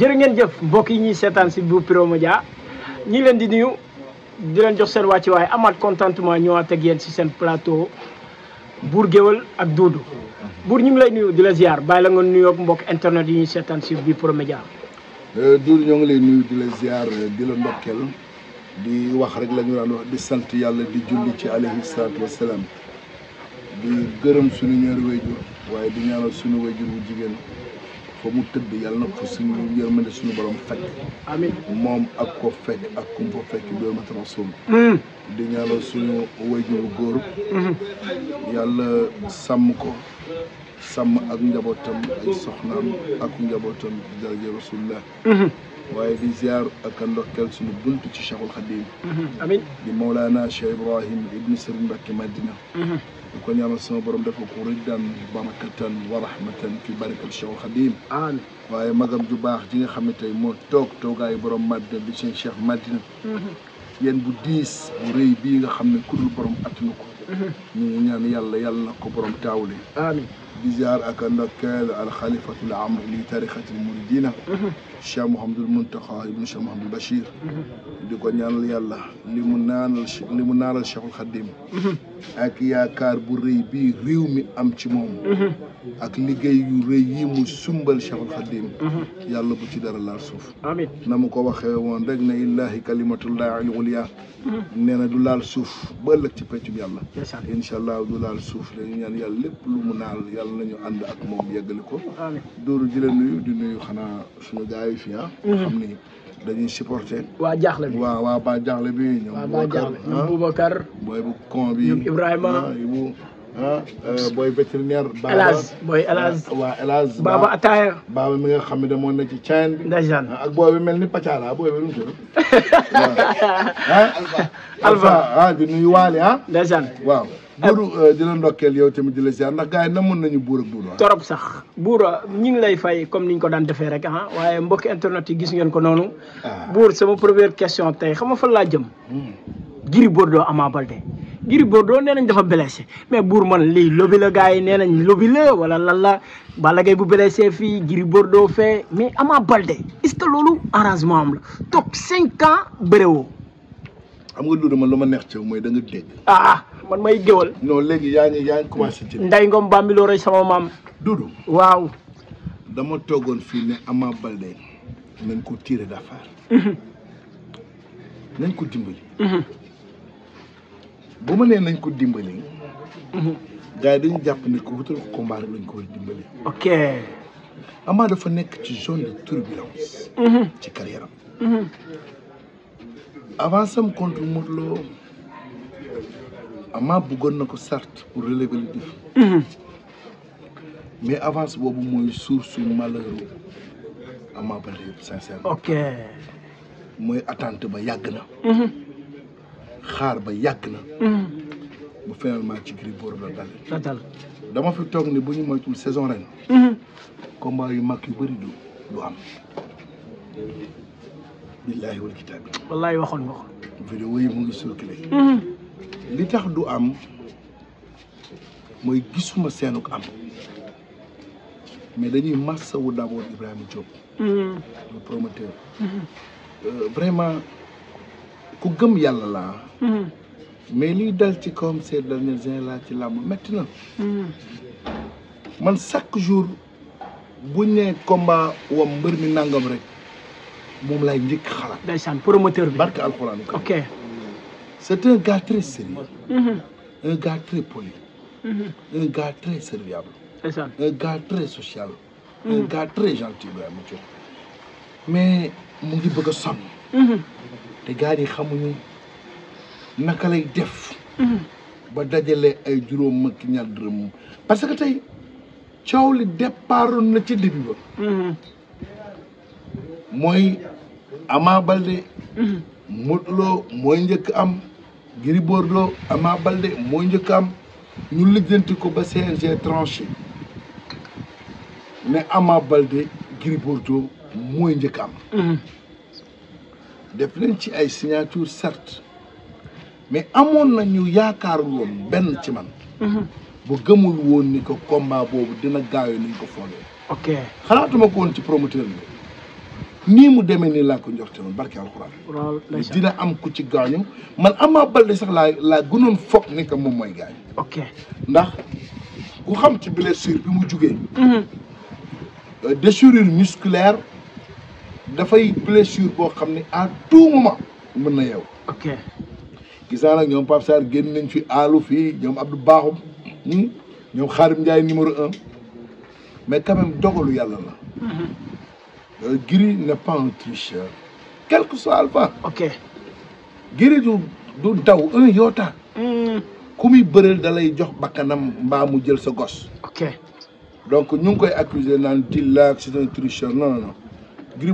jërë ngeen jëf mbokk yi ñuy seetaan si bu Pro Media ñi leen di nuyu di leen jox seen waaye amaat contentement a teg yéen si seen plateau Bour Guéweul ak Doudou Bour ñu ngi lay nuyu di la ziar bàyyi la nga nuyoog mbokk internet yi ñuy seetaan si bu Pro Media. Euh, ñoo ngi lay nuyu di la ziar di la ndokkeel di wax rek la ñu daan wax di sant yàlla di julli ci alayhi salaatu wasalaam di gërëm suñu ñaari wayjur waaye di ñaanal suñu wayjur bu jigéen. fa mu tëdd yàlla na ko suñu yërmande suñu borom fekk moom ak ko fekk ak kum fa fekk doo ma tara suum hmm. di ñaanal suñu wayjuru góor hmm. yàlla sàmm ko sàmm ak njabootam ay soxnaam ak njabootam jërëjëf rasulullah hmm. waaye di ziar ak a ndokkeel suñu bunt ci Cheikhul Khadim mm-hmm. amiin di Mawlana Cheikh Ibrahim ibnu Sëriñ Mbacké Madina mm-hmm. di ko ñaanal sama borom dafa ko riddan barakatan wa rahmatan fi barakatil Cheikhul Khadim amiin waaye magam ju baax ji nga xam ne tey moo toog toogaayu borom Madina bi seen Cheikh Madina mm-hmm. yéen bu diis bu rëy bii nga xam ne ku dul borom attanu ko ñu ngi ñaan yàlla yàlla na ko borom taawule amiin di ziar ak ndokkeel alxalifatul am li tarixatil muridina cheikh mouhamadul muntaxa ibnu cheikh mouhamadul bachir di ko ñaanal yàlla li mu naanal li mu naanal cheikhul xadim ak yaakaar bu rëy bi réew am ci moom ak liggéey yu rëy yi mu sumbal cheikhul xadim yàlla bu ci dara laal suuf amiin na mu ko waxee woon rek ne illaahi kalimatullahi al-ulya nee du laal suuf ba ëllëg ci peccum yàlla incha allah du laal suuf dañu ñaan yàlla lu mu naal yàlla nañu ànd ak moom yeggali ko dooru di la nuyu di nuyu xanaa suñu gars yi fii ah. mhm. xam ni dañuy supporté waa jaaxle bi waaw waa ba jaaxle bi ñoom Boubacar ah. ñoom Boubacar booy bu con bi ñoom Ibrahima ah, bu ah euh, booy vétérinaire. Baba Elaz booy Elaz. waa Elaz. Baba Ataaya. Baba mi nga xam ne moo nekk ci caayin bi. ndeysaan ak booy bi mel ni Pacaala booy bi nu mu tudd. waaw ah. Alpha Alpha ah di nuyu waale ah. ndeysaan waaw. buuru euh, di la ndokkeel yow tamit di la ziar ndax gars yi na mën nañu buur ak buur torop sax buur euh, ñu ngi lay fay comme ni ko daan defee rek ah waaye mbokki internet yi gis ngeen ko noonu ah. buur sama première question tey xam nga fan laa jëm hmm. Gris Bordeaux Ama Baldé Gris Bordeaux nee nañ dafa blessé mais buur man lii lobi la gars yi nee nañ lobi la wala lan la Balla Gaye bu blessé fii giri Bordeaux fee mais Ama Baldé est-ce que loolu arrangement am la toog cinq ans nga duudu man lu ma neex ci da nga man may géwal. non léegi yaa ngi yaa ngi commencé ci. Ndeye Ngom Bambilor rek sama maam. Dudu waaw. dama toogoon fii ne Ama Baldé nañ ko tiré d'affaire. Mhm. nañ ko dimbali. Mhm. bu ma nee nañ ko dimbali. Mhm. gars yi dañu jàpp ne ko wutal ko combat rek lañ ko war dimbali. ok. Ama dafa nekk ci zone de turbulence. ci carrière am. avance contre Modou Ama bëggoon na ko certes pour relever mhm. mais avance boobu mooy source malheur Ama Baldé yëpp sincèrement ok mooy attent ba yàgg na mhm. xaar ba yàgg na mhm. bu finalement ci Gris Bordeaux dama fi toog ni bu ñu moytul saison ren combat yu mag yu bëri du du am billaahi wal kitaabi wallaahi waxoon nga ko vidéo mu ngi circulé li tax du am mooy gisuma seenuk am mais dañuy massawu d'abord Ibrahima Diop mm-hmm. le promoteur mm-hmm. euh, vraiment ku gëm yàlla laa mm-hmm. mais liy dal ci comme ces derniers années laa ci làmb metti na man chaque jour bu ñee combat wam mbër mi nangam rek moom lay njëkk xalaat ndeysaan promoteur bi barke c'est un gars très sérieux mm-hmm. un gars très poli un gars social un gars très mm-hmm. gentil Ibrahima Diop mais mu ngi bëgg a sonn mm-hmm. te gars yi xamuñu naka lay def ba dajale ay juróom ak ñaar dërëm parce que tey coow li départoon na ci début ba mooy Ama Baldé Modou Lo mooy njëkk am Gris Bordeaux Ama Baldé moo njëkk am ñu lijjanti ko ba CNG tranché ne Ama Baldé Gris mooy njëkk am mm-hmm. def nañ ci ay signature certes mais amoon ñu yaakaar woon benn ci man mm-hmm. bu gëmul woon ni ko combat boobu dina gaawe nañ ko foogee ok xalaatuma ko woon ci promoteur bi nii mu demee nii laa ko njorte woon barke alxuraan dina am ku ci gaañu man Ama Baldé sax laa laa gënoon foog ni moom mooy gaañu ok ndax ku xam ci blessure bi mu jugee mhm. euh, déchirure musculaire dafay blessure boo xam ne à tout moment mën na yeew ok gis naa nag ñoom Pape génn nañ fi aalu fii ñoom Abdou Baaxum ñi hmm? ñoom Xaarim Ndiaye numéro un mais quand même dogalu yàlla la mhm. Euh, Gris n'est pas un tricheur. quel que soit Alpha. du daw un yoota. Hmm. ku muy bëreel da jox bakkanam mbaa mu jël sa gos. ok donc ñu ngi koy accuser naan Dilla c'est un tricheur non non non Gris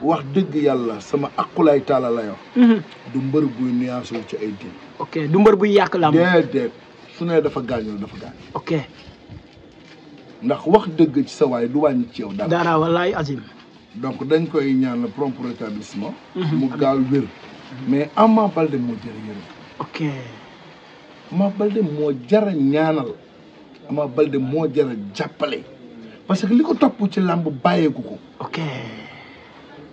wax dëgg yàlla sama akulaay taala la yoo. Hmm. du mbër buy nuance ci ay diin. ok du mbër buy yàq la am. déedéet su ne dafa gaañoo dafa gaañ. ok. ndax wax dëgg ci sa waay du wàññi ci yow. dara dara wallaay azim. donc dañ koy ñaan prompt rétablissement mhm. mu gaaw wér mais am Ama Baldé moo jëre yërëm ok Ama Baldé moo jara ñaanal Ama Baldé moo jara jàppale parce que li ko topp ci làmb bàyyeeku ko ok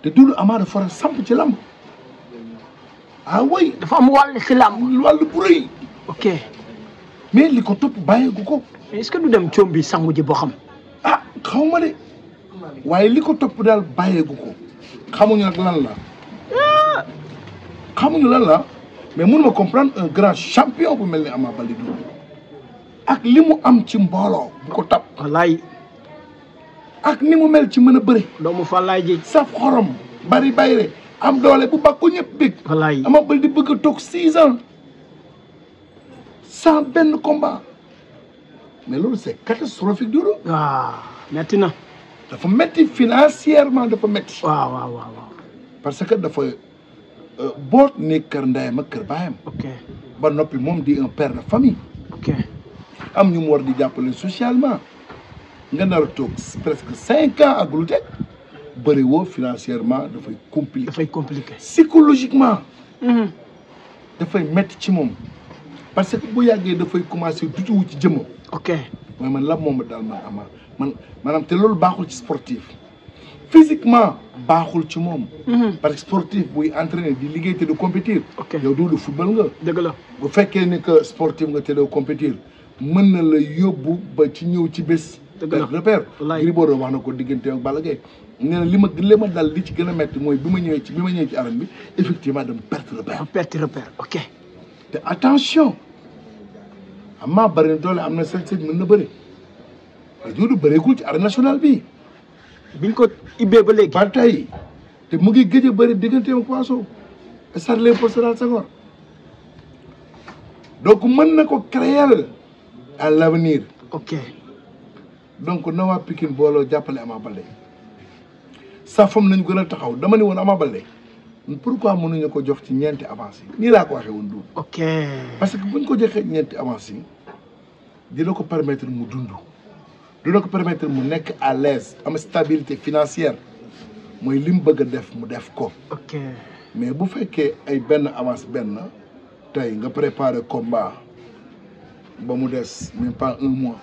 te dulu Ama dafa war ci làmb ah dafa am wàll si làmb wàll bu rëy ok mais li ko topp bàyyeeku ko mais est-ce que du dem coom bi sangu ji boo xam ah de waaye li ko topp daal bàyyeegu ko xamuñu nag lan la ah! xamuñu lan la mais mënuma comprendre un grand champion bu mel ni Ama Baldé du ak li mu am ci mbooloo bu ko topp ak ni mu mel ci mën a bëri doomu fallaay ji saf xorom bari bayre am doole bu bàkku ñëpp bég wallaay Ama Baldé di bëgg a toog six benn combat mais loolu c'est catastrophique Doudou waaw ah, metti na dafa métti financièrement dafa métti. waaw waaw parce que dafa euh, boot ne kër ndeyam ma kër baayam. ok ba noppi moom di un père de famille. ok am ñu mu war di jàppale socialement nga nar toog presque cinq ans ak lu teg bëri woo financièrement dafay compliqué. dafay compliqué psychologiquement. Mhm. dafay métti ci moom parce que bu yàggee dafay commencé dutuwu ci jëmmam. ok mooy man la moom daal man amaat. man maanaam te loolu baaxul ci sportif physiquement baaxul ci moom. Mhm. parce que sportif buy entraîner di liggéey te du compétir. yow du du football nga. dëgg la bu fekkee ne que sportif nga te doo compétir mën na la yóbbu ba ci ñëw ci bés. dëgg la repère Gris Bordeaux wax na ko diggante ak Balla Gaye nee na li ma li ma dal li ci gën a métti mooy bi ma ñëwee ci bi ma ñëwee ci arène bi effectivement dama perte repère. Ah, perte repère ok. te attention amaa bari na doole am na sañ-sañ mën na bëri. a que Doudou bëreegul ci arène nationale bi. biñ ko ibbee ba léegi. ba te mu ngi gëj bari bëri digganteem poisson stade Léopold Sédar Senghor donc mën na ko créer à l'avenir. ok donc na waa Pikine booloo jàppale am Baldé sax fam nañ gën a taxaw dama ne woon Ama Baldé pourquoi mënuñu ko jox ci ñeenti avance yi nii laa ko waxee woon Doudou. ok parce que buñ ko joxee ñeenti avance yi dina ko permettre mu dund. dina ko permettre mu nekk à lees am stabilité financière mooy li mu bëgg def mu def ko. ok mais bu fekkee ay benn avance benn tey nga préparer combat ba mu des même pas un mois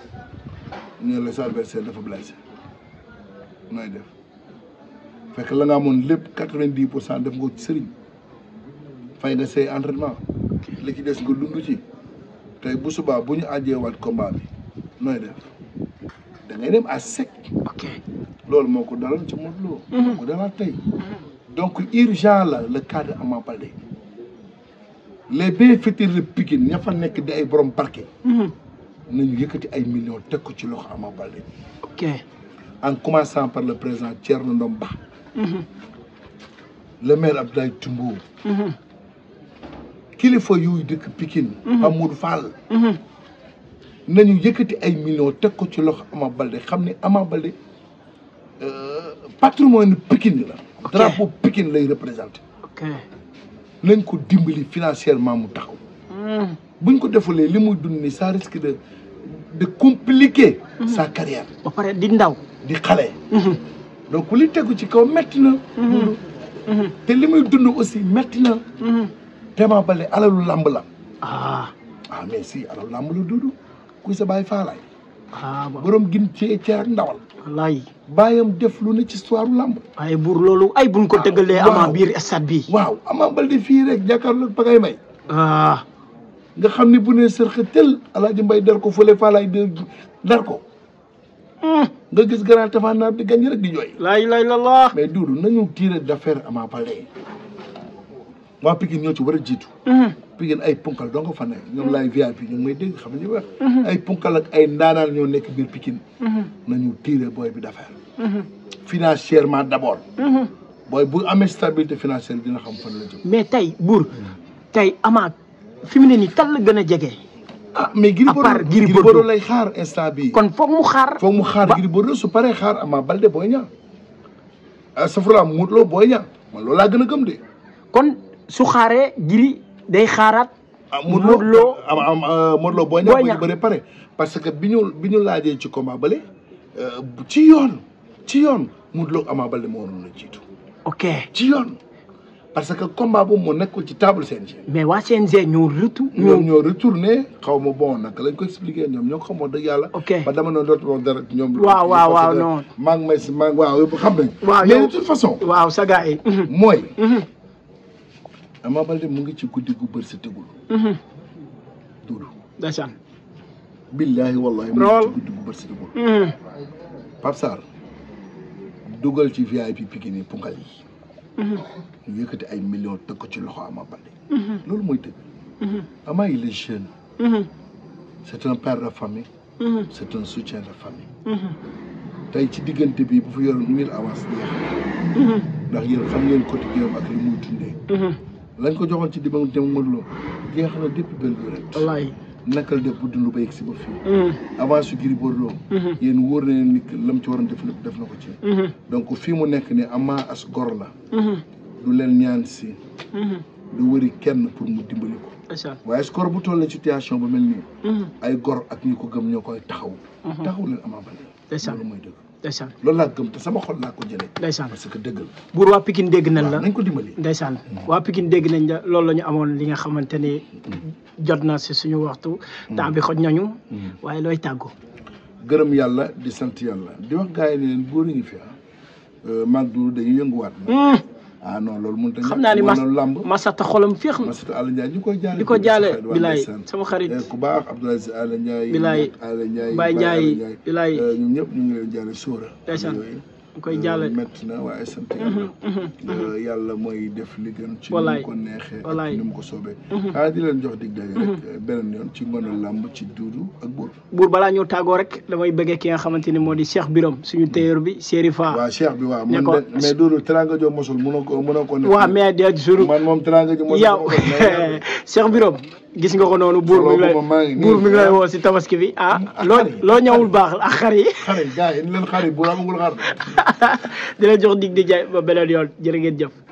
ñu la sa adversaire dafa blessé nooy def fekk la nga amoon lépp quatre-vingt-dix pour cent def nga ci sëriñ fay nga say entraînement li ci des nga dund ci tey bu subaa bu ñu àjjee waat combat bi nooy def. dangay ngay dem à sec. loolu moo ko daloon ci Modou mhm. moo ko dalaat tey. donc urgent la le cas de Ama Baldé les bienfaiteurs de Pikine ña fa nekk di ay borom barke. Mhm. nañu yëkkati ay millions teg ko ci loxo Ama Baldé. ok en commençant par le président Thierno Ndom Ba. Mhm. le maire Abdoulaye Timbo. kilifa yuy dëkk Pikine. Amadou Fall. nañu yëkkati ay millions teg ko ci loxo Ama Baldé xam ni Ama Baldé euh, patrimoine Pikine la. drapeau Pikine lay représenté. nañ ko dimbali financièrement mu taxaw. Hmm. buñ ko defulee li muy dund ni ça risque de de compliquer. Hmm. sa carrière. ba pare di ndaw. di xale. Hmm. donc li tegu ci kaw metti na. te li muy dund aussi metti na. te Ama Baldé alalu làmb la. ah, ah mais alalu làmb la duudu. kuy sa bàyyi faalaay ah, borom gin cee ceer ak ndawal wallaay bàyyam def lu ne ci histoire làmb ay buur loolu ay buñ ko dëggalee ah, ama biir stade bi waaw ama balde fii rek jàkkaarloog pagay may ah. nga xam ni bu ne sërxa tel alaaji mbay dar ko fële faalaay de dar ko hmm. nga gis grand tafanaar bi gañ rek di jooy laa ilaaha illallaah mais duudu nañu tiré d'affaire ama balde waa Pikine ñoo ci war a jiitu hmm. Pikine ay punkal doo nga fa nekk ñoom mm-hmm. laay VIP ñu ngi may dégg xam ñu wax mm-hmm. ay punkal ak ay ndaanaan ñoo nekk biir Pikine mm-hmm. nañu tiire booy bi d'affaire financièrement d'abord booy bu amee stabilité financière dina xam fan la jëm mais tey buur tey amaat fi mu ne nii tal gën a jege ah mais Gris Bordeaux lay xaar instant kon foog mu xaar foog mu xaar Gris Bordeaux su paree xaar Ama Baldé Boy Niang ah, safrala Modou Lo Boy Niang man loolu gën a gëm de kon su xaaree Gris day xaaraat. Ah, mu Lo ah, ah, Modou Lo Boy Niang bëri pare parce que bi ñu bi laajee ci combat bële euh, ci yoon ci yoon mu Lo Ama Baldé moo waroon la jiitu. ok ci yoon. parce que combat boobu moo nekkul ci table CNG. mais waa CNG ñoo retour. ñoom ñoo retourné xaw ma bon naka lañ ko expliqué ñoom ñoo xamoon dëgg yàlla. ok ba dama noonu dootuma dara ñoom. waaw waaw waaw non maa ngi may sa yi. mooy. Mhm. Ama Baldé mu ngi ci guddi gu bër sa tegul. Mhm. duudu. ndeysaan. billaahi wallaahi ci guddi gu bër mhm. sa ci VIP Pikine punkal yi. ñu mhm. yëkkati ay millions teg ci loxo Ama Baldé. loolu mooy dëgg. Ama il est jeune. de famille. c'est un de famille. tey ci diggante bi bu fi yoroon mille avance jeex. ndax yéen xam ngeen quotidien ak li muy dundee. lañ ko joxoon ci dimanche dem Modou Lo jeex na depuis benn bi wallaay nakal def bu dund ba yegg si ba fii. Mm-hmm. avant su Gris Bordeaux. Mm-hmm. yéen wóor na leen lam ci waroon def lépp na ko ci. Mm-hmm. donc fii mu nekk ni ama as gor la. du leen ñaan si. du wëri kenn pour mu dimbali ko. waaye su gor bu toll nii situation bu mel nii. ay gor ak ñi ko gëm ñoo koy taxaw. taxaw leen Ama Baldé. loolu mooy dëgg. ndeysaan loolu laa gëm sama xol laa ko jëlee ndeysaan parce que dëgg la buur waa Pikine dégg nañ la nañ ko dimbali ndeysaan mm-hmm. waa Pikine dégg nañ la loolu la ñu amoon li nga xamante ni mm-hmm. jot na si suñu waxtu mm-hmm. temps bi xoj nañu waaye looy tàggu gërëm yàlla di sant yàlla di wax gars yi ne leen góor yi ngi fi ah euh, maag dulu dañuy yënguwaat mm. ah non loolu mënut a xam naa ni lamb masata xolam féex na masata Alla Ndiaye ñu koy jaale di ko jaale bilaay sama xarit eh, ku baax Abdoulaye Sy Alla Ndiaye bilaay Alla Ndiaye Baye Ndiaye bilaay eh, ñoom ñëpp ñu ngi leen jaale sóora ndeysaan koy jàllale euh, métti na waa sant mhm, mhm, euh, mhm. yàlla. mooy def li ci ni mu ko neexee ak ni mu ko soobee. jox dig daje euh, beneen yoon ci ngoonu làmb ci duudu ak buur. balaa ñoo tàggoo rek damay bëggee ki nga xamante ni moo di Cheikh Biram suñu téyeer bi Serifa. waaw Cheikh bi waaw man de mais duudu teraanga joo ko mënoo ko. waaw mais moom teraanga joo mosul. yow Cheikh gis nga ko noonu buur mi ngi lay si tabaski bi ah, ah, ah loo loo baax ak ah, xar yi xar yi gars xar yi buur amagul xar di di jaay ba beneen yoon jërë ngeen jëf